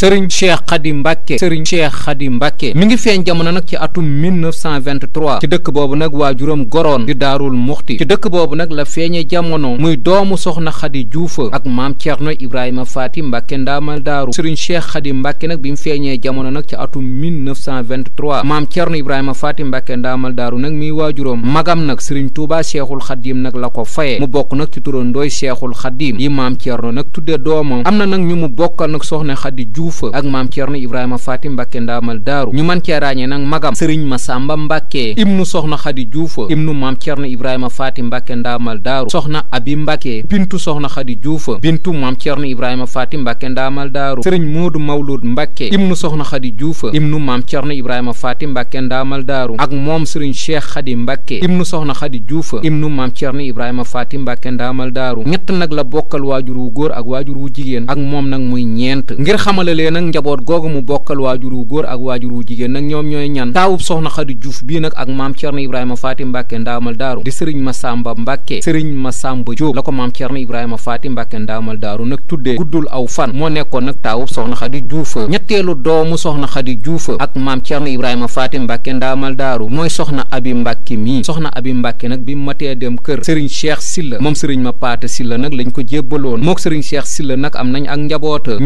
sëriñ cheikh xadi mbàkke sëriñ cheikh xadi mbàkke mi ngi feeñ jamono nag ci atum 1923 ci dëkk boobu nag waajuram goroon di daarul muxti ci dëkk boobu nag la feeñee jamono muy doomu soxna xadi juufa ak maam ceerno ibrahima faati mbàkke ndaamal daaru sëriñ cheikh xadi mbàkke nag bi mu feeñee jamono nag ci atum 1923 maam ceerno ibrahima faati mbàkke ndaamal daaru nag miy waajuram magam nag sëriñ tuubaa cheikhul xadim nag la ko faye mu bokk nag ci turandooy cheikhul xadim yi maam ceerno nag tudde nag Juuf ak maam Cerno Ibrahima Faati Mbàkke ndaamal daaru ñu man cee ràññee nag magam sëriñ Masamba Mbàkke ibnu soxna Xadi Juuf ibnu maam Cerno Ibrahima Faati Mbàkke ndaamal daaru soxna Abi Mbàkke bintu soxna Xadi Juuf bintu maam Cerno Ibrahima Faati Mbàkke ndaamal daaru sëriñ Moodu Mawlud Mbàkke ibnu soxna Xadi Juuf ibnu maam Cerno Ibrahima Faati Mbàkke ndaamal daaru ak moom sëriñ Cheikh Xadi Mbàkke ibnu soxna Xadi Juuf ibnu maam Cerno Ibrahima Faati Mbàkke ndaamal daaru ñett nag la bokkal waajur wu góor ak waajur wu jigéen ak moom nag muy ñeent ngir lëkkalee nag njaboot googu mu bokkal waajur wu góor ak waajur wu jigéen nag ñoom ñooy ñan taawub soxna Xadi Juuf bii nag ak maam Cerno Ibrahima Faati Mbàkke ndaamal daaru di sëriñ Masamba Mbàkke sëriñ Masamba Jóob la ko maam Cerno Ibrahima Faati mbakke ndaamal daaru nag tuddee guddul aw fan moo nekkoon nag taawub soxna Xadi Juuf ñetteelu doomu soxna Xadi Juuf ak maam Cerno Ibrahima Faati Mbàkke ndaamal daaru mooy soxna Abi Mbàkke mii soxna Abi Mbàkke nag bi matee dem kër sëriñ Cheikh Silla moom sëriñ ma paate Silla nag lañ ko jébbaloon mook sëriñ Cheikh Silla nag am nañ ak njaboota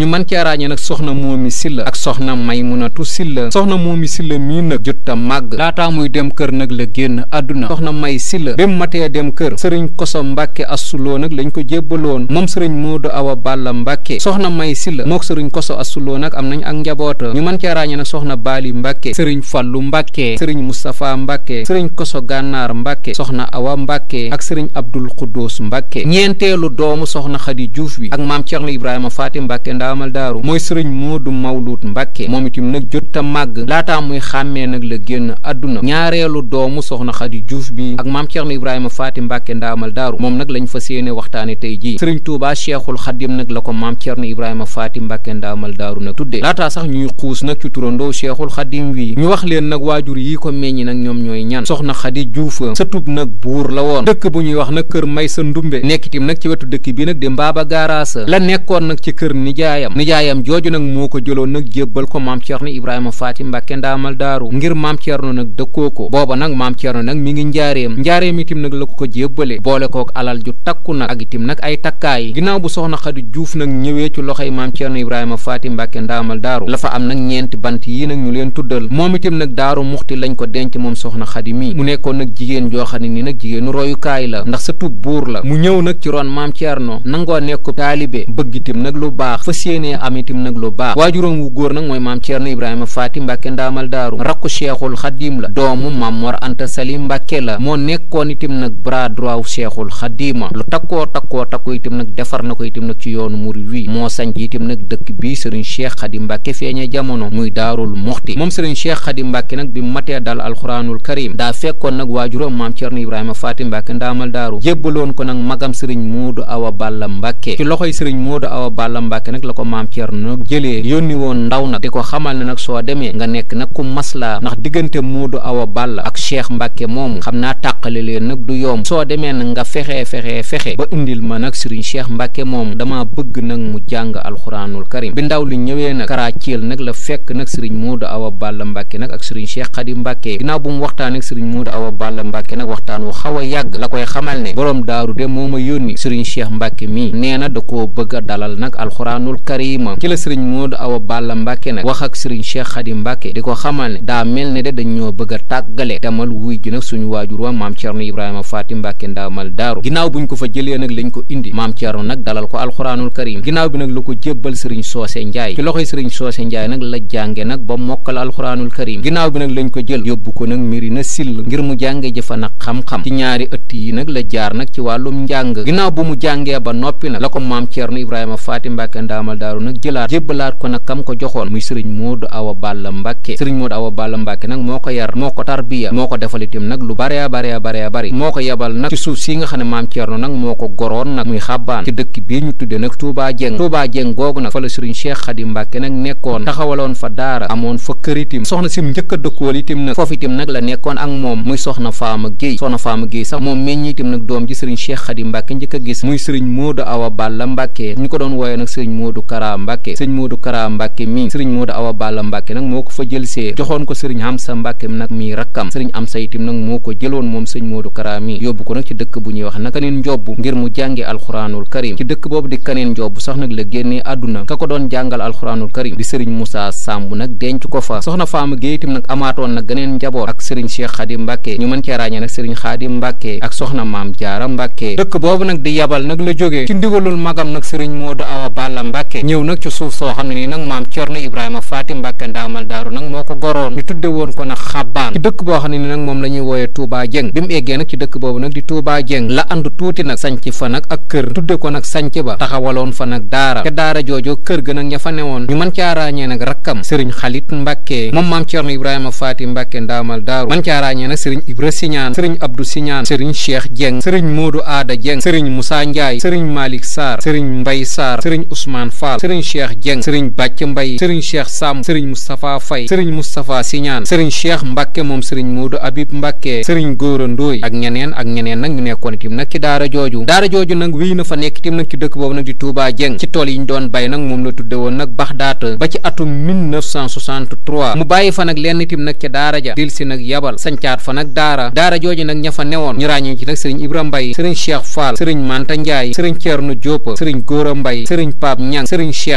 soxna moomi silla ak soxna maymunatu silla soxna moomi silla mii nag jutta màgg laataa muy dem kër nag la génn àdduna soxna may silla bém matee dem kër sëriñ koso mbàkke assuloo nag lañ ko jébbaloon moom sëriñ moodu awa balla mbàkke soxna may silla mook sëriñ koso assuloo nag am nañ ak njaboota ñu man cee ràññee nag soxna baali mbàkke sëriñ fallu mbàkke sëriñ mustapha mbàkke sëriñ koso gànnaar mbàkke soxna awa mbàkke ak sëriñ abdul xuddoos mbàkke ñeenteelu doomu soxna xadi juuf Moodu Mawluut Mbàkke moom itam nag jot ta màgg laataa muy xàmmee nag la génn àdduna ñaareelu doomu soxna Xadi Juuf bi ak maam Cerno Ibrahima Faati Mbàkke ndaamal daaru moom nag lañ fa séene waxtaane tey jii sëriñ Tuubaa Cheikhul Xadim nag la ko maam Cerno Ibrahima Faati Mbàkke ndaamal daaru nag tuddee laataa sax ñuy xuus nag ci turandoo Cheikhul Xadim wi ñu wax leen nag waajur yi ko meññi nag ñoom ñooy ñan soxna Xadi Juuf sëtub nag buur la woon dëkk bu ñuy wax na kër may sa ndumbe nekkitim nag ci wetu dëkk bi nag di mbaaba gaaraasa la nekkoon nag ci kër nijaayam nijaayam nag moo ko jëloon nag jébbal ko maam Thierno Ibrahima Faati Mbàkke ndaamal daaru ngir maam Thierno nag dëkkoo ko booba nag maam Thierno nag mi ngi njaareem njaareem itim nag la ko ko jébbale boole kook alal ju takku nag ak itim nag ay takkaay ginnaaw bu soxna Xadi Juuf nag ñëwee ci loxoy maam Thierno Ibrahima Faati Mbàkke ndaamal daaru la fa am nag ñeenti bant yii nag ñu leen tuddal moom itim nag daaru muxti lañ ko denc moom soxna Xadi mi mu nekkoon nag jigéen joo xam ne ni nag jigéenu royukaay la ndax sa tub buur la mu ñëw nag ci roon maam Thierno nangoo nekk taalibe bëgg itim lu baax waajuróom wu góor nag mooy maam Thierno Ibrahima Faty Mbacke ndaamal daaru rakku cheikhul xadim la doomu maam Mor Anta Sali Mbacke la moo nekkoon itam nag bras seexul wu cheikhul xadima lu takkoo takkoo takku itam nag defar na ko itam nag ci yoonu murid wi moo sanc itam nag dëkk bi sëriñ cheikh xadim Mbacke feeñe jamono muy daarul muxti moom sëriñ cheikh xadim Mbacke nag bi matee dal alxuraanul karim daa fekkoon nag waajuróom maam Thierno Ibrahima Faty Mbacke ndaamal daaru jébbaloon ko nag magam sëriñ Moodu Awa Balla Mbacke ci loxoy sëriñ Moodu Awa Balla Mbacke nag la ko maam jëlee yónni woon ndaw nag di ko xamal ne nag soo demee nga nekk nag ku maslaa ndax diggante Modou Awa Balla ak Cheikh Mbacke moomu xam naa tàqale leen nag du yomb soo demee nag nga fexe fexe fexe ba indil ma nag Serigne Cheikh Mbacke moomu dama bëgg nag mu jàng alxuraanul karim bi ndaw li ñëwee nag Karathil nag la fekk nag Serigne Modou Awa Balla Mbacke nag ak Serigne Cheikh Khady Mbacke ginnaaw bu mu waxtaan ak Serigne Modou Awa Balla Mbacke nag waxtaan wu xaw a yàgg la koy xamal ne borom ma yónni Serigne Cheikh Mbacke mii nee sëriñ Modou Awa Balla Mbacke nag wax ak sëriñ Cheikh Xadim Mbacke di ko xamal ne daa mel ne de dañ ñoo bëgg a tàggale demal wuy ji nag suñu waajur wa maam Thierno Ibrahima Faty Mbacke ndaamal daaru ginnaaw buñ ko fa jëlee nag lañ ko indi maam Thierno nag dalal ko alxuraanul karim ginnaaw bi nag la ko jébbal sëriñ Soose Njaay ci loxoy sëriñ Soose Njaay nag la jànge nag ba mokkal alxuraanul karim ginnaaw bi nag lañ ko jël yóbbu ko nag miri na sill ngir mu jànge jëfa nag xam-xam ci ñaari ëtt yi nag la jaar nag ci wàllum njàng ginnaaw bu mu jàngee ba noppi nag la ko maam Thierno Ibrahima Faty Mbacke ndaamal daaru nag jëlaat jébbalaat ko nag kam ko joxoon muy sëriñ Modou Awa Balla Mbacke sëriñ Modou Awa Balla Mbacke nag moo ko yar moo ko tarbiya moo ko defal itam nag lu bare bare bare bari moo ko yebal nag ci suuf si nga xam ne maam Thierno nag moo ko goroon nag muy xabbaan ci dëkk bii ñu tudde nag Touba Dieng Touba Dieng googu nag fa la sëriñ Cheikh Khadim Mbacke nag nekkoon taxawaloon fa daara amoon fa kër itam soxna sim njëkk a dëkkool itam nag foofu itam nag la nekkoon ak moom muy soxna Faama Guèye soxna Faama Guèye sax moom meññ itam nag doom ji sëriñ Cheikh Khadim Mbacke njëkk a gis muy sëriñ Modou Awa Balla Mbacke ñu ko doon wooye nag sëriñ Modou Kara Mbacke sëriñ Modou Kara Mbacke mii sëriñ Modou Awa Balla Mbacke nag moo ko fa jël see joxoon ko sëriñ Amsa Mbacke nag mii rakkam sëriñ Amsa itam nag moo ko jëloon moom sëriñ Modou Kara mii yóbbu ko nag ci dëkk bu ñuy wax nag kaneen njobbu ngir mu jàngi alxuraanul karim ci dëkk boobu di kaneen njobbu sax nag la génnee ko doon jàngal alxuraanul karim di sëriñ Moussa Samb nag denc ko fa soxna Faama Gueye itam nag amaatoon nag geneen njaboot Awa Balla Mbacke ñëw nag ci suuf soo boo xam ne nii nag maam Cerno Ibrahima Faati Mbàkke ndaamal daaru nag moo ko goroon ñu tudde woon ko nag xabbaan ci dëkk boo xam ne nii nag moom la ñuy wooyee Touba Dieng eggee nag ci dëkk boobu nag di Touba Dieng la ànd tuuti nag sanc fa ak kër tudde ko nag sanc ba taxawaloon fa nag daara te daara joojo kër ga a ña fa newoon ñu mën caa ràññee nag rakkam sëriñ xalit Mbàkke moom maam Cerno Ibrahima Faati Mbàkke ndaamal daaru mën caa ràññee nag sëriñ Ibra Siñaan sëriñ Abdou Siñaan sëriñ Cheikh Sène sëriñ Bàcc Mbay sëriñ Cheikh Sam sëriñ Moustapha Faye sëriñ Moustapha Siñaan sëriñ Cheikh Mbàkke moom sëriñ Moodu Abib Mbàkke sëriñ Góora Ndooy ak ñeneen ak ñeneen nag ñu nekkoon itam nag ci daara jooju daara jooju nag wéy na fa nekk itam nag ci dëkk boobu nag di Touba Dieng ci tool yi ñu doon bay nag moom la tudde woon nag Baxdaat ba ci atum mu bàyyi fa nag lenn itam nag ca daara ja dil si nag yabal fa nag daara daara jooju nag ña fa newoon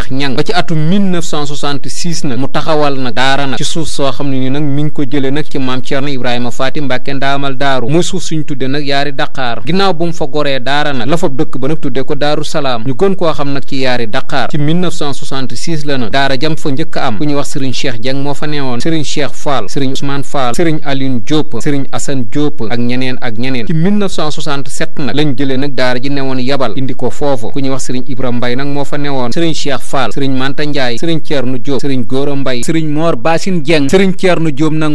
ñu atum 1966 nag mu taxawal nag daara nag ci suuf soo xam ne ni nag mi ngi ko jëlee nag ci maam Thierno Ibrahima Faty Mbacke ndaamal daaru mooy suuf suñ tuddee nag yaari Dakar ginnaaw bu mu fa goree daara nag la fa dëkk ba nag tudde ko daaru salaam ñu kon koo xam nag ci yaari Dakar ci 1966 la nag daara jam fa njëkk am ku ñuy wax Serigne Cheikh Dieng moo fa neewoon Serigne Cheikh Fall Serigne Ousmane Fall Serigne Alioune Diop Serigne Assane Diop ak ñeneen ak ñeneen ci 1967 nag lañ jëlee nag daara ji newoon yabal indi ko foofu ku ñuy wax Serigne Ibrahima Mbaye nag moo fa newoon Serigne Cheikh Fall Serigne sëriñ Manta Ndiaye sëriñ Thierno Diop sëriñ Gora Mbaye sëriñ Mor Bassine Dieng sëriñ Thierno Diop nag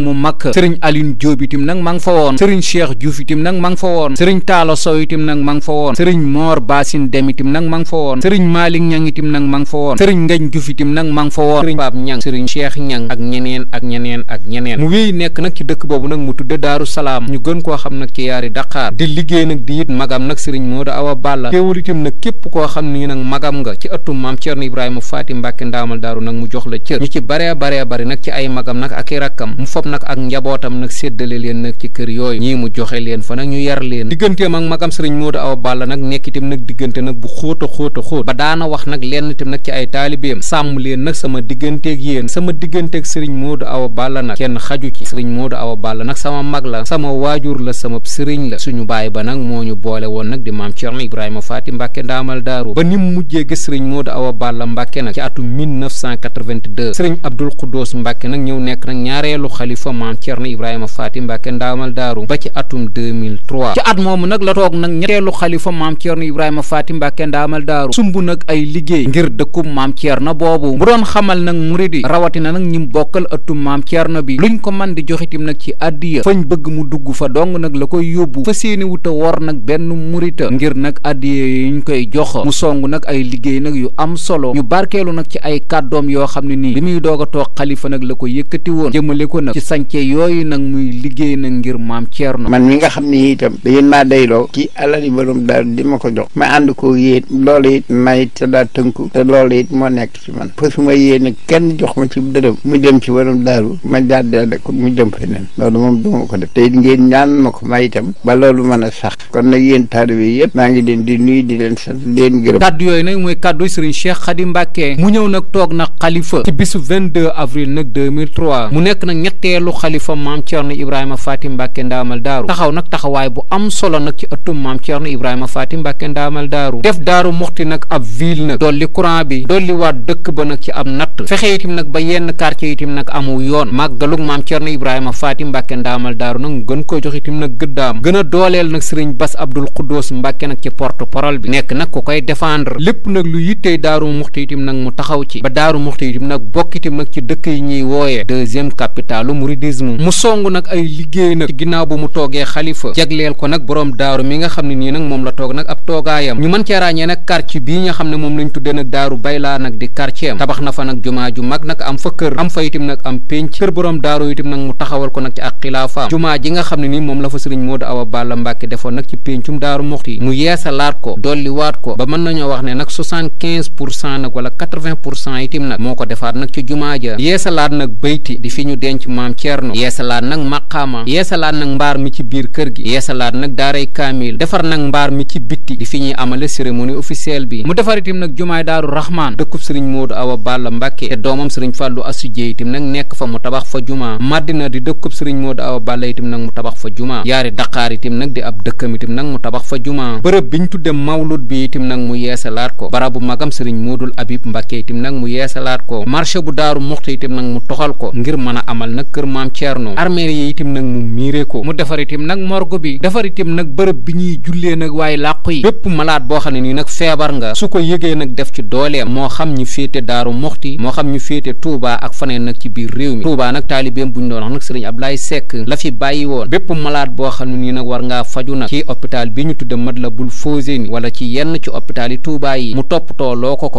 sëriñ Aline Diop itam nag ma ngi sëriñ Cheikh Diouf nag ma fa woon sëriñ Talla Sow nag ma fa woon sëriñ Mor Bassine Dem nag ma fa woon sëriñ Malick Niang nag ma fa woon sëriñ Ngagne Diouf nag ma fa woon sëriñ Pape Niang sëriñ Cheikh Niang ak ñeneen ak ñeneen ak ñeneen mu wéy nekk nag ci dëkk boobu nag mu tudde Daaru Salaam ñu gën koo xam nag ci yaari di liggéey Fatim Mbàkke ndaamal daaru nag mu jox la cër ñu ci baree baree bari nag ci ay magam nag ak i rakkam mu fob nag ak njabootam nag séddale leen nag ci kër yooyu ñii mu joxe leen fa nag ñu yar leen digganteem ak magam sëriñ Moodu Awa Balla nag nekk itam nag diggante nag bu xóot a xóot a xóot ba daana wax nag lenn itam nag ci ay taalibeem sàmm leen nag sama digganteeg yéen sama digganteeg sëriñ Moodu Awa Balla nag kenn xaju ci sëriñ Moodu Awa Balla nag sama mag la sama waajur la sama sëriñ la suñu baay ba nag moo ñu boole woon nag di maam Cerno Ibrahima Faati Mbàkke ndaamal ci atum 1982 sëriñ Abdul Xuddoos Mbàkke nag ñëw nekk nag ñaareelu xalifa maam Cerno Ibrahima Faati Mbàkke ndaamal daaru ba ci atum 2003 ci at moomu nag la toog nag ñetteelu xalifa maam Cerno Ibrahima Faati Mbàkke ndaamal daaru sumb nag ay liggéey ngir dëkkub maam na boobu mu doon xamal nag muridi rawatina nag ñim bokkal ëttum maam na bi luñ ko man di joxitim nag ci addiya fañ bëgg mu dugg fa dong nag la koy yóbbu fa seeni wuta wor nag benn murita ngir nag addiya yi ñu koy jox song nag ay liggéey nag loolu nag ci ay kàddoom yoo xam ne nii li muy doog a toog xalifa nag la ko yëkkati woon jëmale ko nag ci sànce yooyu nag muy liggéey nag ngir maam Thierno man mi nga xam ne itam da ngeen maa dayloo ci alali borom daal di ma ko jox ma ànd ko yéen loolu it may te daa tënku te it moo nekk ci man foofu ma yéene kenn jox ma ci dërëm mu dem ci borom daaru ma jaaddale ko mu dem feneen loolu moom duma ko def te it ngeen ñaan ma ko may itam ba loolu mën a sax kon nag yéen taalibe yëpp maa ngi leen di nuy di leen sant leen gërëm kàddu yooyu nag mooy kàddu Serigne Cheikh Khadim Mbacké mu ñëw nag toog nag xalifa ci bisu 22 avril nag 2003 mu nekk nag ñetteelu xalifa maam Thierno Ibrahima Faty Mbacké Ndaamal Daaru taxaw nag taxawaay bu am solo nag ci ëttum maam Ibrahima Faty Mbacké Ndaamal Daaru def Daaru Muxti nag ab ville nag dolli courant bi dolli waat dëkk ba nag ci ab natt fexe itam nag ba yenn quartier itam nag amul yoon màggalug maam Thierno Ibrahima Faty Mbacké Ndaamal Daaru nag gën koo jox itam nag gëddaam gën a dooleel nag sëriñ Bass Abdou Khoudoss mbakke nag ci porte-parole bi nekk nag ku koy défendre lépp nag lu yittee Daaru Muxti itam nag mu taxaw ci ba daaru muxti itam nag bokk itam nag ci dëkk yi ñuy wooyee deuxième capitalu mouridisme mu song nag ay liggéey nag ci ginnaaw bu mu toogee xalifa mi nga xam ne nii nag moom la toog nag ab toogaayam ñu mën cee ràññee nag quartier bii nga xam moom lañ tuddee nag daaru baylaa na fa nag jumaa am fa kër am fa itam nag am pénc kër ko nag ci ak xilaafaam jumaa ji nga xam ne nii moom la fa sëriñ Modou Awa Balla Mbàkke defoon nag ci péncum daaru muxti mu yeesalaat ko dolli waat ko ba mën nañoo wax ne nag nag wala quatre quatre-vingt pour cent itim nag moo ko defaat nag ci jumaa ja yeesalaat nag bayti di fi ñu denc maam Thierno yeesalaat nag maqaama yeesalaat nag mbaar mi ci biir kër gi yeesalaat nag daaray kaamil defar nag mbaar mi ci bitti di fi ñuy amale cérémonie officielle bi mu defar itim nag jumaay daaru Rahman dëkkub sëriñ Modou Awa Balla Mbacke te doomam sëriñ Fallou Assou Dieye nag nekk fa mu tabax fa jumaa Madina di dëkkub sëriñ Modou Awa Balla itim nag mu tabax fa jumaa yaari Dakar itim di ab dëkkam itim nag mu tabax fa jumaa bërëb biñ tudde mawlud bi itim nag mu yeesalaat ko barabu magam sëriñ Modou Abib Mbàkke itam nag mu yeesalaat ko marché bu daaru muxti itam nag mu toxal ko ngir mën a amal nag kër maam Thierno armeel yi itam nag mu miire ko mu defar itam nag morgue bi defar itam nag bërëb bi ñuy jullee nag waaye làqu yi bépp malaat boo xam ne nii nag feebar nga su ko yëgee nag def ci dooleem moo xam ñu féete daaru muxti moo xam ñu féete tuuba ak faneen nag ci biir réew mi Touba nag taalibeem bu ñu doon wax nag sëriñ Ablaye Seck la fi bàyyi woon bépp boo xam ne nii nag war ngaa faju nag ci hôpital bi ñu tudde Matlaboul Fawzeyni wala ci yenn ci hôpital yi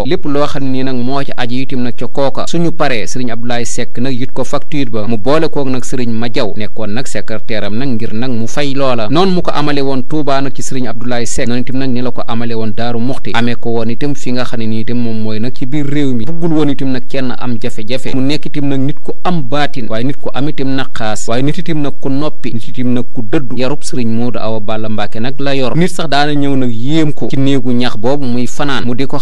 yi xam ni nag moo ci aji itam nag ca kooka suñu paree sëriñ Abdoulaye Seck nag yit ko facture ba mu boole kook nag sëriñ ma jaw nekkoon nag secrétaire nag ngir nag mu fay loola noonu mu ko amale woon Touba nag ci sëriñ Abdoulaye Seck noonu itam nag ni la ko amale woon Daaru Muxti amee ko woon fi nga xam ne ni moom mooy nag ci biir réew mi buggul woon nag kenn am jafe-jafe mu nekk nag nit ku am baatin waaye nit ku am itam nag xaas waaye la yor nit sax daana ñëw nag yéem ko ci néegu ñax boobu muy fanaan mu di ko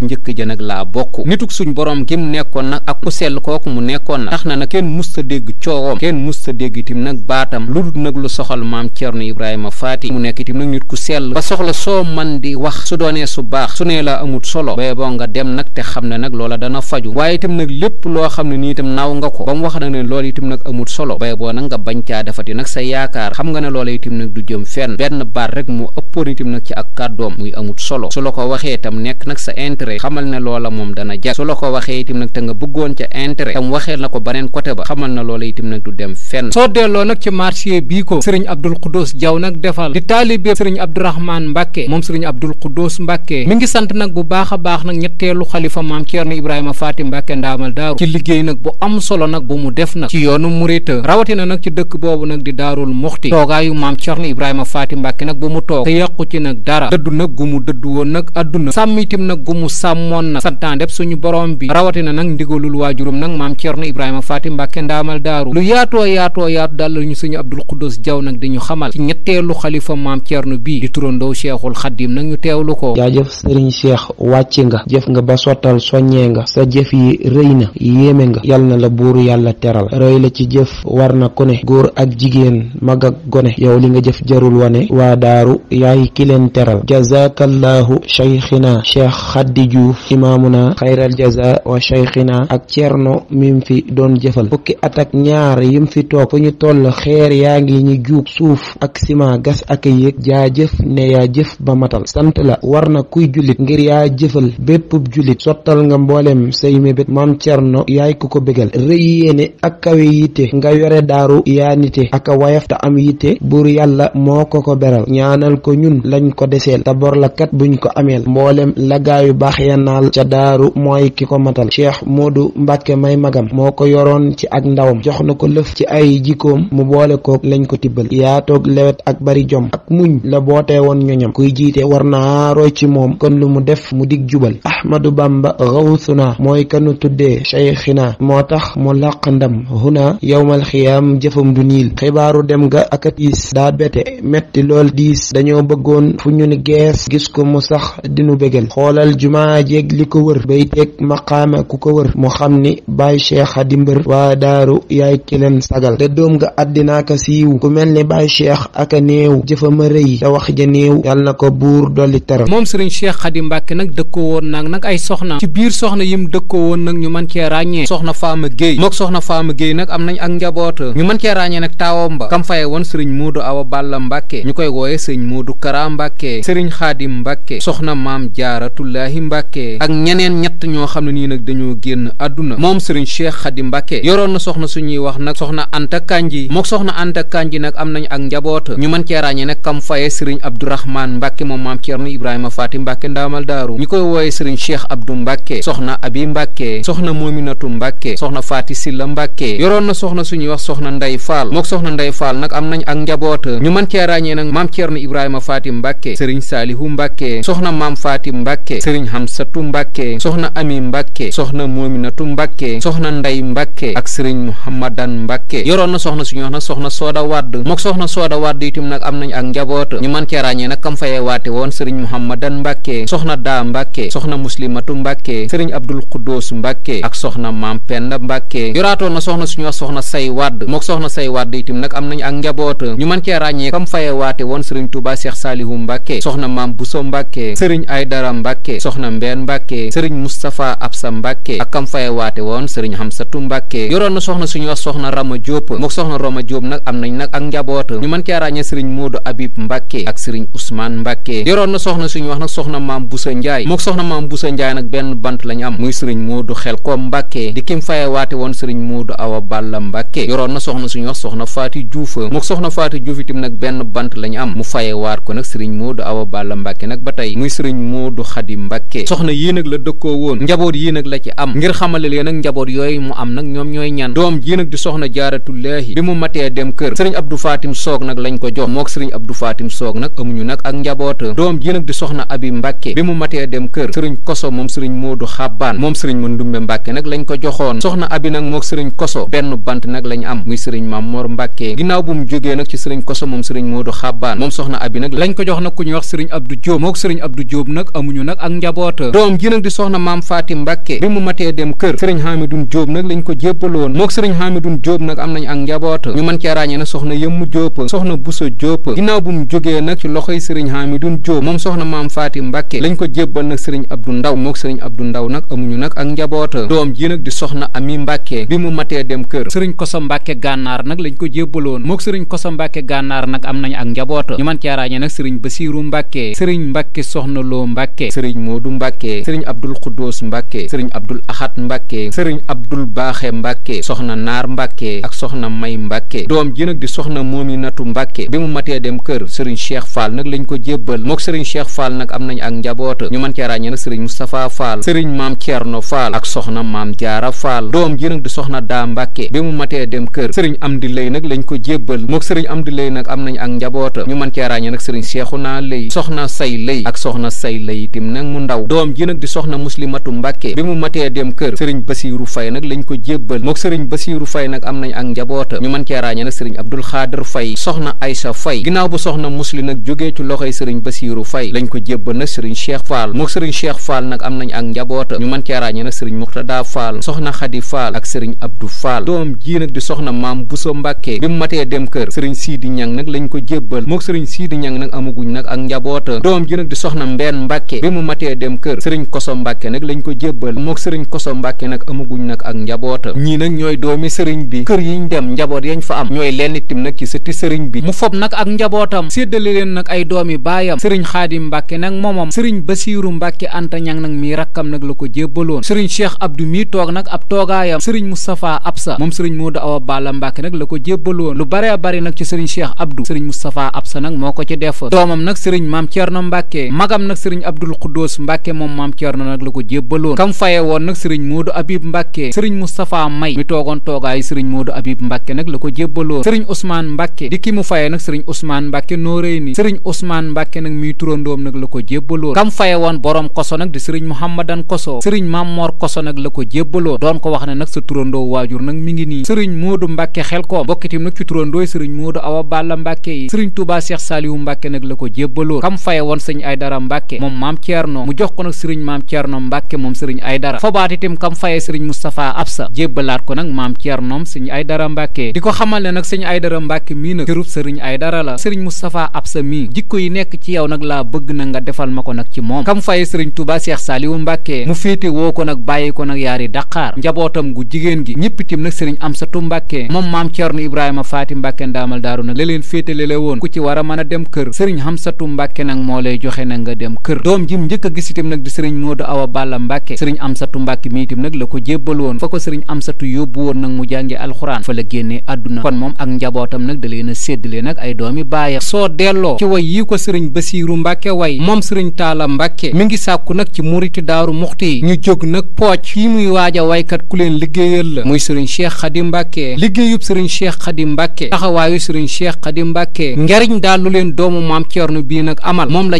ju njëkk ja nag laa bokk nituk suñ borom gim nekkoon nag ak ku sell kooku mu nekkoon nag tax na nag kenn musta dégg coowam kenn musta dégg itim nag baatam lu nag lu soxal maam Cerno Ibrahima Faati mu nekk itim nag nit ku sell ba soxla soo man di wax su doonee su baax su nee la amut solo bay nga dem nag te xam ne nag loola dana faju waaye itam nag lépp loo xam ne nii itam nga ko ba mu wax na ne loolu itam nag amut solo bay boo nag bañ caa defati nag sa yaakaar xam nga ne loola nag du jëm fenn benn baat mu ëppoon itam nag ci ak kàddoom muy solo nekk nag sa intérêt intérêt xamal ne loola moom dana jar su la ko waxee itam nag te nga bëggoon ca intérêt tam waxee la ko baneen côté ba xamal na loola itam nag du dem fenn soo delloo nag ci marché bii ko sëriñ Abdul Xudoos Jaw nag defal di taalibe sëriñ Abdourahman Mbàkke moom sëriñ Abdul Xudoos Mbàkke mi ngi sant nag bu baax a baax nag ñetteelu xalifa maam Ceerno Ibrahima Faati Mbàkke ndaamal daaru ci liggéey nag bu am solo nag bu mu def nag ci yoonu ci dëkk boobu nag di daarul muxti toogaayu maam Ceerno Ibrahima Faati Mbàkke nag bu mu toog te yàqu ci nag dara dëddu nag gu mu dëddu woon nag àdduna sàmmitim sàmmoon nag santaan def suñu borom bi rawatina nag ndigalul waajurum nag maam Cerno Ibrahima Faati Mbàkke ndaamal daaru lu yaatoo yaatoo yaatu daal la ñu suñu Abdul Xuddus Jaw nag di ñu xamal ci ñetteelu xalifa maam Cerno bii di turandoo Cheikhul Xadim nag ñu teewlu ko jaajëf sëriñ Cheikh wàcc nga jëf nga ba sottal soññee nga sa jëf yi rëy na yéeme nga yal na la buur yàlla teral rëy la ci jëf war na ku ne góor ak jigéen mag ak gone yow li nga jëf jarul wane waa daaru Diouf imaamuna xayral jaza wa cheikhina ak cerno mim fi doon jëfal fukki at ñaar yi fi toog fu ñu toll xeer yaa ngi ñu juub suuf ak ciment gas ak yéeg jaa jëf ne yaa jëf ba matal sant la war na kuy jullit ngir yaa jëfal bépp jullit sottal nga mboolem say mébét maam cerno yaay ku ko bégal rëy yéene ak kawe yitte nga yore daaru yaa nite ak a wayaf te am yitte buur yàlla moo ko ko beral ñaanal ko ñun lañ ko deseel te bor la kat buñ ko ameel yaxya naal ca daaru mooy ki ko matal moo du mbàkke may magam moo ko yoroon ci ak ndawam jox na ko lëf ci ay jikkoom mu boole kook lañ ko tibbal yaatoog lewet ak bari jom ak muñ la boote woon ñoñam kuy jiite war naa roy ci moom kon lu mu def mu dig jubal ahmadu bamba gawsuna mooy kanu tuddee cheikhina moo tax mu làq ndam huna yowmal xiyaam jëfam du niil xibaaru dem ga ak a tiis daa bete metti lool diis dañoo bëggoon fu ñu ni gees gis ko mu sax jumaa ko wër bay teeg maqaama ku ko wër mu xam ni baay cheikh xadi mbër waa daaru yaay ki leen sagal te doom nga addinaaka siiw ku mel ni baay cheikh aka néew jëfa ma rëy te wax ja néew ko buur dolli teral moom sëriñ cheikh xadi mbàkke nag dëkkoo woon nag nag ay soxna ci biir soxna yim dëkkoo woon nag ñu man cee ràññee soxna faama géey mook soxna faama géey nag am nañ ak njaboot ñu man cee ràññee nak taawam ba kam faye woon sëriñ muudu awa balla mbàkke ñu koy wooye sëriñ muudu kara mbàkke sëriñ xaadim mbàkke soxna maam jaaratullaahi mbàkke Mbacke ak ñeneen ñett ñoo xam ne nii nag dañoo génn àdduna moom sëriñ Cheikh Khady Mbacke yoroon na soxna suñuy wax nag soxna Anta Kanji mook soxna Anta Kanji nag am nañ ak njaboot ñu man cee ràññee nag kam faye sëriñ Abdourahmane Mbacke moom maam Thierno Ibrahima Faty Mbacke ndaamal daaru ñi koy wooye sëriñ Cheikh Abdou Mbacke soxna Abi Mbacke soxna Mominatu Mbacke soxna Faty Silla Mbacke yoroon na soxna suñuy wax soxna Ndey Faal mook soxna Ndey Faal nag am nañ ak njaboot ñu mën cee ràññee nag maam Thierno Ibrahima Faty Mbacke sëriñ Saalihu Mbacke soxna maam Faty Mbacke sëriñ Ham amsatu mbàkke soxna ami mbàkke soxna moominatu mbàkke soxna nday mbàkke ak sëriñ muhammadan mbàkke yoroon na soxna suñu wax nag soxna sooda wadd mook soxna sooda wadd itam nag am nañu ak njaboota ñu man cee ràññee nag kam fayee waate woon sëriñ muhammadan mbàkke soxna daa mbàkke soxna muslimatu mbàkke sëriñ abdul quddus mbàkke ak soxna maam penda mbàkke yoraatoon na soxna suñu wax soxna say wadd mook soxna say wadd itam nag am nañu ak njaboota ñu man cee ràññee kam fayee waate woon sëriñ tuuba seex saalihu mbàkke soxna maam buso mbàkke sëriñ aydara mbàkke soxna Soxna Mbeen Mbàkke sëriñ Moustapha Absa Mbàkke ak kam faye waate woon sëriñ Hamsatu Mbàkke yoroon na soxna suñu wax soxna Rama Diop mook soxna Rama Diop nag am nañ nag ak njaboota ñu mën cee ràññee sëriñ Moodu Abib Mbàkke ak sëriñ Ousmane Mbàkke na suñu wax nag soxna Maam Busa Njaay mook soxna Maam Busa Njaay nag benn bant lañ am muy sëriñ Moodu Xelkom Mbàkke di kim faye waate woon sëriñ Moodu Awa Balla Mbàkke yoroon na soxna suñu wax soxna Faati Juuf mook soxna Faati Juuf itam nag benn bant lañ am mu faye waat ko nag sëriñ Moodu Awa Balla Mbàkke nag ba tey muy sëriñ Moodu Xadim Mbàkke dëkkee soxna yii nag la dëkkoo woon njaboot yii nag la ci am ngir xamale leen nag njaboot yooyu mu am nag ñoom ñooy ñan doom jii nag di soxna jaaratullaahi bi mu matee dem kër sëriñ Abdou Fatim Soog nag lañ ko jox mook sëriñ Abdou Fatim Soog nag amuñu nag ak njaboota doom jii nag di soxna Abi Mbàkke bi mu matee dem kër sëriñ Koso moom sëriñ Moodu Xabbaan moom sëriñ Mandumbe mbakke nag lañ ko joxoon soxna Abi nag mook sëriñ Koso benn bant nag lañ am muy sëriñ Maam Mor Mbàkke ginnaaw bu mu jógee nag ci sëriñ Koso moom sëriñ Moodu Xabbaan moom soxna Abi nag lañ ko jox nag ku ñuy wax sëriñ Abdou Jóob mook sëriñ Abdou Jóob nag promoteur doom ji nag di soxna maam Faati Mbàkke bi mu matee dem kër sëriñ Hamidun Jóob nag lañ ko jébbaloon mook sëriñ Hamidun Jóob nag am nañ ak njaboot ñu mën cee soxna yëmmu Jóob soxna mu jógee nag ci sëriñ Hamidun Jóob moom soxna maam ko jébbal nag sëriñ Abdu Ndaw mook sëriñ Abdu Ndaw nag amuñu nag ak njaboot doom ji di soxna Ami Mbàkke bi mu matee dem kër sëriñ Koso Mbàkke Gànnaar nag lañ ko jébbaloon mook sëriñ Koso Mbàkke Gànnaar nag am nañ ak njaboot ñu mën cee ràññee nag sëriñ Basiiru Mbàkke sëriñ Mbàkke soxna Loo Mbàkke sëriñ Moodu Mbacke sëriñ Abdul Xuddoos Mbacke sëriñ Abdul Axat Mbacke sëriñ Abdul Baaxe Mbacke soxna Naar Mbacke ak soxna May Mbacke doom ji nag di soxna Moominatu Mbacke bi mu matee dem kër sëriñ Cheikh Fall nag lañ ko jébbal mook sëriñ Cheikh Fall nag am nañ ak njaboota ñu mën cee ràññee nag sëriñ Moustapha Fall sëriñ Maam Thierno Fall ak soxna Maam Jaara Fall doom ji di soxna Daa Mbacke bi mu matee dem kër sëriñ Amdi Lay nag lañ ko jébbal mook sëriñ Amdi Lay nag am nañ ak njaboota ñu mën cee ràññee nag sëriñ Cheikhouna Lay soxna Say Lay ak soxna Say Lay tim nag mu ndaw doom ji nag di soxna muslimatu mbàkke bi mu matee dem kër sëriñ basiiru fay nag lañ ko jébbal mook sëriñ basiiru fay nag am nañ ak njaboota ñu mën cee ràññee nag sëriñ abdul xaadir fay soxna aysa fay ginnaaw bu soxna musli nag jógee ci loxoy sëriñ basiiru fay lañ ko jébbal nag sëriñ cheikh faal mook sëriñ cheikh faal nag am nañ ak njaboota ñu mën cee ràññee nag sëriñ muxtada faal soxna xadi faal ak sëriñ abdu faal doom ji nag di soxna maam buso mbàkke bi mu matee dem kër sëriñ siidi ñang nag lañ ko jébbal mook sëriñ siidi ñang nag amaguñ nag ak njaboota doom ji nag di soxna mbenn mbàkke bi mu matee dem kër sëriñ koso mbàkke nag lañ ko jébbal mook sëriñ koso mbàkke nag amaguñ nag ak njaboota ñii nag ñooy doomi sëriñ bi kër yiñ dem njaboot yañ fa am ñooy lenn tim nag ci sëtti sëriñ bi mu fob nag ak njabootam séddale leen ay doomi baayam sëriñ xaadim mbàkke nag moomam sëriñ basiiru mbàkke anta ñang nag mii rakkam nag la ko jébbaloon sëriñ cheikh abdou mii toog nag ab toogaayam sëriñ moustapha absa moom sëriñ moodu awa balla mbàkke nag la ko jébbaloon lu bare bari nag ci sëriñ cheikh abdou sëriñ moustapha absa nag moo ko ci def doomam nag sëriñ maam cerno mbàkke magam nag sëriñ abdul xuddoos mbàkke mbàkke moom maam Cerno nag la ko jébbaloon kam faye woon nag sëriñ Moodu Abib Mbàkke sëriñ Moustapha May mi toogoon toogaayu sëriñ Moodu Abib Mbàkke nag la ko jébbaloon sëriñ Ousmane Mbàkke di ki mu faye nag sëriñ Ousmane Mbàkke nóoree ni sëriñ Ousmane Mbàkke nag miy turandoom nag la ko jébbaloon kam faye woon borom koso nag di sëriñ Mouhamadan koso sëriñ moom maam Cerno mu jox ko nag sëriñ maam Thierno Mbacke moom sëriñ Aydara fobaat itam kam fayee sëriñ Moustapha Absa jébbalaat ko nag maam Thiernoom sëriñ Aydara Mbacke di ko xamal ne nag sëriñ Aydara Mbacke mii nag cërub sëriñ Aydara la sëriñ Moustapha Absa mii jikko yi nekk ci yow nag laa bëgg na nga defal ma ko nag ci moom kam fayee sëriñ Touba Cheikh Saliou Mbacke mu féete woo ko nag bàyyi ko nag yaari Dakar njabootam gu jigéen gi ñëpp itam nag sëriñ Amsatou Mbacke moom maam Thierno Ibrahima Faati Mbacke ndaamal daaru nag la leen féetale la woon ku ci war a mën a dem kër sëriñ Amsatou Mbacke nag moo lay joxe nag nga dem kër itam nag di sëriñ Modou Awa Balla Mbacke sëriñ Amsatu Mbacke mi nag la ko jébbal woon fa ko sëriñ Amsatu yóbbu woon nag mu jànge alxuraan fa la génnee àdduna kon moom ak njabootam nag da leen a séddale nag ay doomi baayam soo delloo ci way yi ko sëriñ Basiiru Mbacke way moom sëriñ Taala Mbacke mi ngi sàkku nag ci muriti daaru muxti yi ñu jóg nag pooc kii muy waaj a waykat ku leen liggéeyal la muy sëriñ Cheikh Xadim Mbacke liggéeyub sëriñ Cheikh Xadim Mbacke taxawaayu sëriñ Cheikh Xadim Mbacke njariñ daal leen doomu maam Ceerno bii nag amal moom la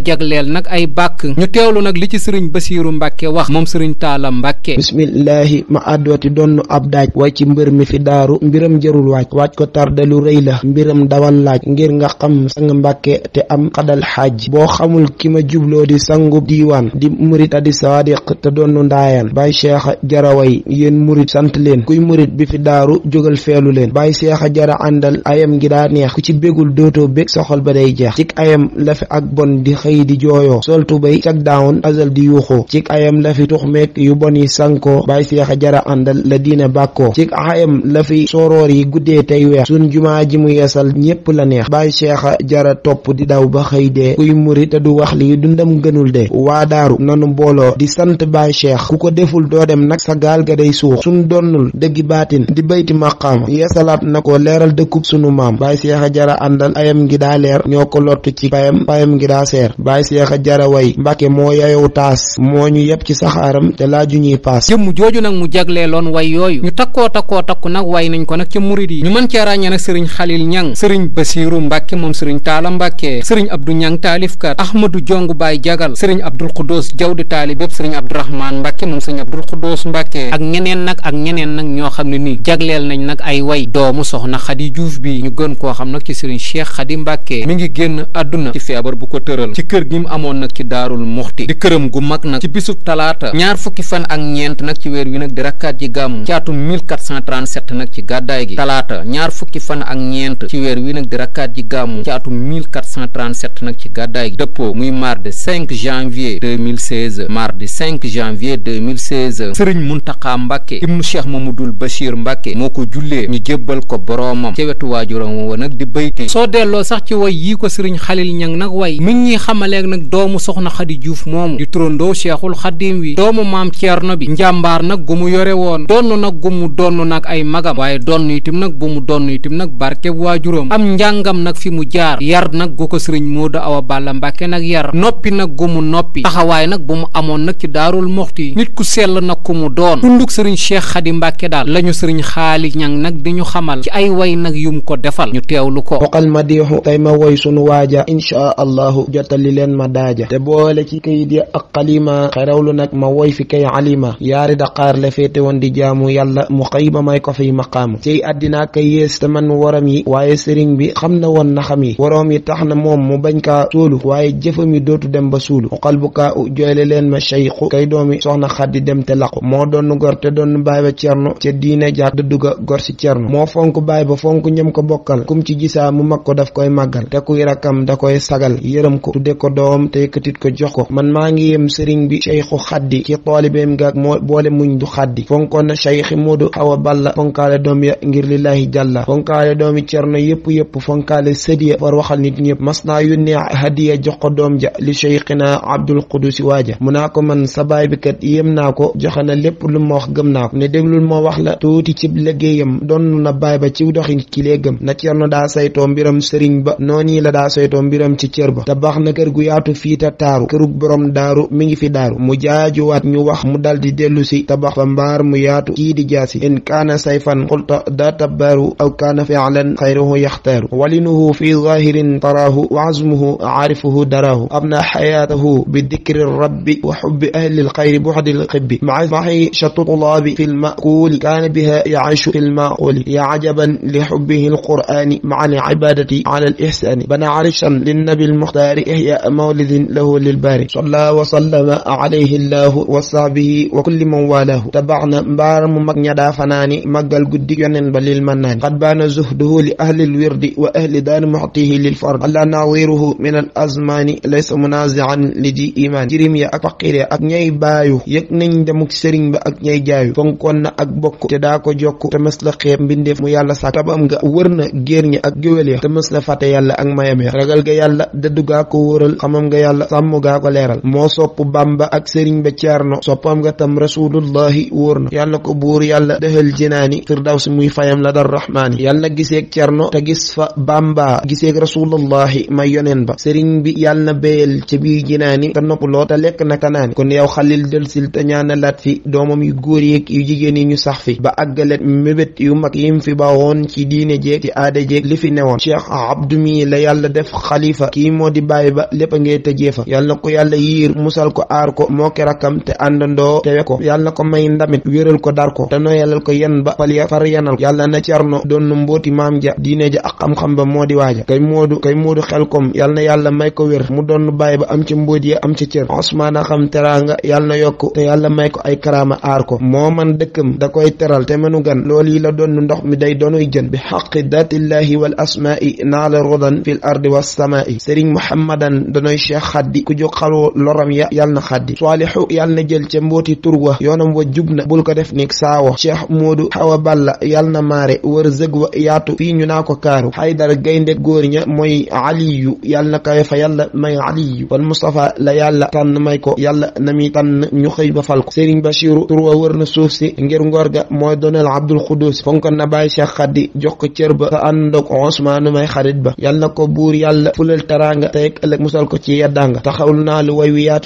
ci sëriñ basiiru mbàkke wax moom sëriñ taala mbàkke bismillaahi ma àdduwati donn ab daaj way ci mbër mi fi daaru mbiram jarul waaj ko tarde rëy la mbiram dawan laaj ngir nga xam sang mbàkke te am xadal xaaj boo xamul ki ma jubloo di sangu diiwaan di murita di saadiq te donn ndaayaan bay cheikha jaraway yéen murit sant leen kuy murit bi fi daaru jógal feelu leen bay cheikha jara àndal ayam gi daa neex ku ci bégul dootoo bég soxal ba day jeex cig ayam la ak bon di xë di jooyoo dal di yuuxu cig ayam la fi tux meek yu bon yi sanko bàyyi seex a jara àndal la diina bàkkoo cig ayam la fi soroor yi guddee tey weex sun jumaa ji mu yeesal ñépp la neex bàyyi seex a jara topp di daw ba xëy dee kuy muri te du wax lii dundam gënul de waa daaru nanu mbooloo di sant bàyyi seex ku ko deful doo dem nag sa gaal ga day suux sun donnul dëggi baatin di bayti maqaama yeesalaat na ko leeral dëkku sunu maam bàyyi seex a jara àndal ayam gi daa leer ñoo a jara way mbàkke moo taas moo ñu yeb ci saxaaram te laaju ñuy paas jëmm jooju nag mu jagleeloon way yooyu ñu takkoo takkoo takku nag way nañ ko nag ca murid yi ñu mën cee ràññee nag sëriñ xalil ñang sëriñ basiiru mbàkke moom sëriñ taala mbàkke sëriñ abdu ñang taalifkat ahmadu jong baay jagal sëriñ abdul xuddoos jaw di taalibépp sëriñ abdurahmaan mbàkke moom sëriñ abdul xuddoos mbàkke ak ñeneen nag ak ñeneen nag ñoo xam ne nii jagleel nañ nag ay way doomu soxna xadi juuf bi ñu gën koo xam nag ci sëriñ cheikh xadi mbàkke mi ngi génn àdduna ci feebar bu ko tëral ci lëndëm gu mag nag ci bisub talaata ñaar fukki fan ak ñeent nag ci weer wi nag di rakkaat ji gàmm ci atum 1437 nag ci gàddaay gi talaata ñaar fukki fan ak ñeent ci weer wi nag di rakkaat ji gàmm ci nag ci gàddaay gi dëppoo muy mardi 5 janvier 2016 mardi janvier sëriñ Muntaxa Mbàkke ibnu Cheikh Mamadul Bachir Mbàkke moo ko jullee ñu jébbal ko boroomam ci wetu waajuram wa nag di béyti soo delloo sax ci way yii ko sëriñ Xalil Ñang nag way mi ngi xamaleeg nag turandoo cheikhul xaddim wi doomu maam ceerno bi njàmbaar nag gu mu yore woon donn nag gu mu donn nag ay magam waaye donn itam nag bu mu donn itam nag barkeb waajuram am njàngam nag fi mu jaar yar nag gu ko sëriñ Moodu Awa Balla Mbàkke nag yar noppi nag gu mu noppi taxawaay nag bu mu amoon nag ci daarul moxti nit ku sell nag ku mu doon dunduk sëriñ Cheikh Xadi Mbàkke daal lañu ñu sëriñ xaali ñang nag di ñu xamal ci ay way nag yum ko defal ñu teewlu ko boqal ma diixu waaja inchaa allahu jottali leen ak xalima lu nag ma woy fi kay alima yaari daqaar la féete woon di jaamu yàlla mu xëy ba may ko fiy maqaamu ciy àddinaa ka yées te man waram yi waaye sëriñ bi xam na woon na xam yi waroom yi tax na moom mu bañ kaa sóolu waaye jëfam yi dootu dem ba suulu uqal bu kaa u joyle leen ma cheyqu kay doomi soxna xaddi dem te laqu moo doon gor te doon baay ba cerno ca diine jaak dëdduga gor si cerno moo fonk baay ba fonk ñam ko bokkal kum ci gisaa mu mag ko daf koy màggal te kuy rakkam da koy sagal yërëm ko tudde ko doom te ko jox yéem sëriñ bi cheikhu xaddi ci taalibeem gaak moo boole muñ du xaddi fonkoon na cheikhi moodu awa balla fonkaale doom ya ngir lillaahi jàlla fonkaale doomi cerno yëpp yëpp fonkaale sëdiya war waxal nit ñëpp mas naa yónnee hadiya jox ko doom ja li cheikhina abdul qudusi waaja mu naa ko man sa baay bi kat yem naa ko joxe na lépp lu ma wax gëm naa ko ne déglul moo wax la tuuti ci liggéeyam doon na baay ba ci doxi ki lee gëm na cerno daa saytoo mbiram sëriñ ba noonu la daa saytoo daaru mi ngi fi daaru mu jaajuwaat ñu wax mu daldi dellu si tabax fa mbaar mu yaatu kii di jaasi in kaana sayfan xulta daa tabbaaru aw kaana fi'lan xayruhu yaxtaaru walinuhu fi zahirin taraahu wa azmuhu aarifuhu daraahu abna xayaatahu bi dikri rabbi wa xubbi ahli lxayri buxdi lxibbi maa maciishatu tulaabi fi lmakuuli kaana biha yaciishu fi lmaquuli yaa cajaban li xubbihi alqur'aani maca alcibaadati ala alixsaani bana arishan linnabi almuxtaari ihya mawlidin lahu lilbaari wa sallama alayhi llahu wa sahbihi wa kulli man walaahu tabax na mbaar mu mag ña daa fanaani màggal guddi yonen ba lil mannaani xad baana zuhduhu li ahlil wirdi wa ahli daari muxtihi lil fard alla nawiruhu min al azmaani laysa munazian li ji imaan jirim ya ak faqir ya ak ñay baayu yëg nañ demuk sëriñ ba ak ñay jaayu fonkoon na ak bokk te daa ko jokk la xeeb mbindeef mu yàlla sàkk tabam nga wër na géer ñi ak géwél ya te mës la fàtte yàlla ak mayam ya ragal ga yàlla dëddu gaa ko wóoral xamam nga yàlla sàmm gaa ko sopp bamba ak sëriñ ba ceerno soppam nga tam rasulullahi wóor na yàlla ko buur yàlla dëxal jinaani si muy fayam la dar rahmaani yàlla na giseeg ceerno te gis fa baam bamba giseeg rasulullahi may yoneen ba sëriñ bi yàlla na béyal ca biir jinaani te noppaloo te lekk na kanaani kon yow xalil delsil te ñaanalaat fi doomam yu góor yeeg yu jigéen yi ñu sax fi ba àggalet mébét yu mag yi mu fi ba woon ci diine jeeg ci aada jeeg li fi newoon cheikh abdu la yàlla def xalifa kii moo di ba a musal ko aar ko moo ki rakkam te àndandoo tewe ko yàlla na ko may ndamit wéral ko dar ko te nooyalal ko yen ba fal ya far yanal ko yàlla na cerno doon na mbooti maam ja diine ja ak xam-xam ba moo di waaja kay moodu kay moodu xelkom na yàlla may ko wér mu doon bàyyi ba am ci mbóot ya am ci cër osmaana xam teraanga yàlla na yokku te yàlla may ko ay karaama aar ko moo man dëkkam da koy teral te mënu gan loolu yi la doon ndox mi day doonuy jën bi xaqi datillahi wal asmaai naala rodan fil ardi was samaa'i sëriñ muhammadan danoy cheikh xaddi ku jóg xalu loram xam ya yal na xaddi saalixu yal na jël ca mbooti tur wa yoonam wa jub na bul ko def nig saawo cheikh moodu xawa balla yal na maare wër zëg wa yaatu fii ñu naa ko kaaru xaydara gaynde góor ña mooy aliyu yal na kawe fa yàlla may aliyu wal mustapha la yàlla tànn may ko yàlla na mi tànn ñu xëy ba fal ko sëriñ bachiru tur wa wër na suuf si ngir ngor ga mooy donal abdul xudus fonkoon na bàyyi cheikh xaddi jox ko cër ba sa àndog osmaanu may xarit ba yal na ko buur yàlla fulal taraanga tey ëllëg musal ko ci yeddanga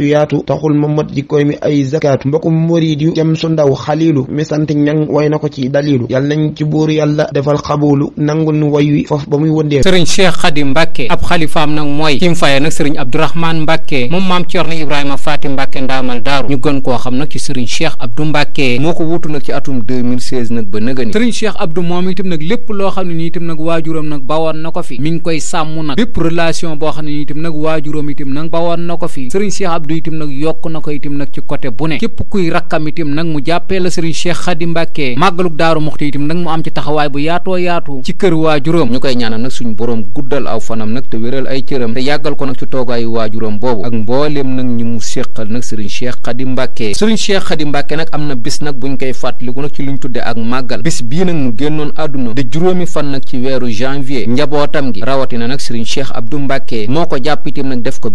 yaatu yaatu taxul ma mat jikkooy mi ay zakaatu mbokum murid yu jëm su ndaw xaliilu mi ñang way na ko ci daliilu yal nañ ci buur yàlla defal xabulu nangul nu way wi foofu ba muy wëndee sëriñ cheikh xadim mbàkke ab xalifaam nag mooy kim faye nag sëriñ abdourahman mbàkke moom maam Cerno ibrahima faati mbàkke ndaamal daaru ñu gën koo xam nag ci sëriñ cheikh abdou mbàkke moo ko wutu nag ci atum 2016 nag ba nëgëni sëriñ cheikh abdou moom itam nag lépp loo xam ne ni itam nag waajuram nag bawoon na ko fi mi ngi koy sàmm nag bépp boo xam ne ni na ko fi sëriñ Abdou itam nag yokk na ko itam nag ci côté bu ne képp kuy rakkam itam nag mu jàppee la Serigne Cheikh Khady Mbacké màggalug Daaru Muxti itam nag mu am ci taxawaay bu yaatoo yaatu ci kër waajuram ñu koy ñaanal nag suñu borom guddal aw fanam nag te wéral ay cëram te yàggal ko nag ci toogaayu waajuram boobu ak mbooleem nag ñi mu séqal nag Serigne Cheikh Khady Mbacké Serigne Cheikh Khady Mbacké nag am na bis nag bu ñu koy fàttaliku nag ci lu luñ tudde ak màggal bis bii nag génnoon àdduna di juróomi fan nag ci weeru janvier njabootam gi rawatina nag Serigne Cheikh Abdou Mbacké moo ko jàpp nag def ko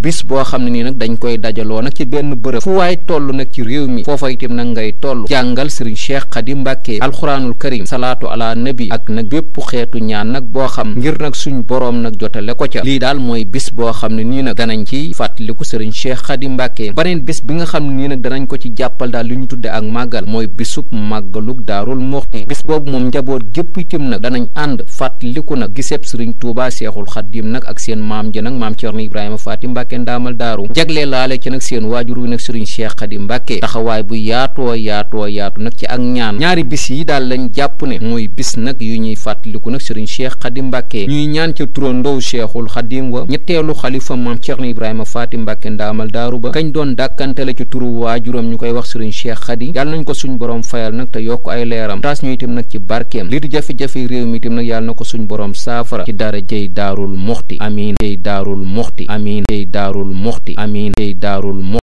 bis boo xam ne nii nag dañ koy dajaloo nag ci benn bërëb fu waay toll nag ci réew mi foofa itam nag ngay toll jàngal sëriñ Cheikh Khadim Mbacke alxuraanul karim salaatu ala nabi ak nag bépp xeetu ñaan nag boo xam ngir nag suñ boroom nag jotale ko ca lii daal mooy bis boo xam ne nii nag danañ ci fàttaliku sëriñ Cheikh Khadim Mbacke baneen bis bi nga xam ne nii nag danañ ko ci jàppal daal li ñu tudde ak màggal mooy bisub màggalug daarul muxti bis boobu moom njaboot gépp itam nag danañ ànd fàttaliku nag giseb sëriñ Touba Seexul Xadim nag ak seen maam ji nag maam Cerno Ibrahima Faati Mbacke Mbàkke ndaamal daaru jagle laale ci nag seen waajur wi nag sëriñ Cheikh Khadim Mbàkke taxawaay bu yaatoo yaatoo yaatu nag ci ak ñaan ñaari bis yi daal lañ jàpp ne mooy bis nag yu ñuy fàttaliku nag sëriñ Cheikh Khadim Mbàkke ñuy ñaan ca turandoo Cheikhul Khadim wa ñetteelu xalifa maam Cheikh Ibrahima Faati Mbàkke ndaamal daaru ba kañ doon dàkkantale ci turu waajuram ñu koy wax sëriñ Cheikh Khadim yàlla nañ ko suñ borom fayal nag te yokk ay leeram taas ñu itam nag ci barkeem li di jafe-jafe réew mi itam nag yàlla na ko suñ borom saafara ci dara jëy daarul daarul muxti amiin tey daarul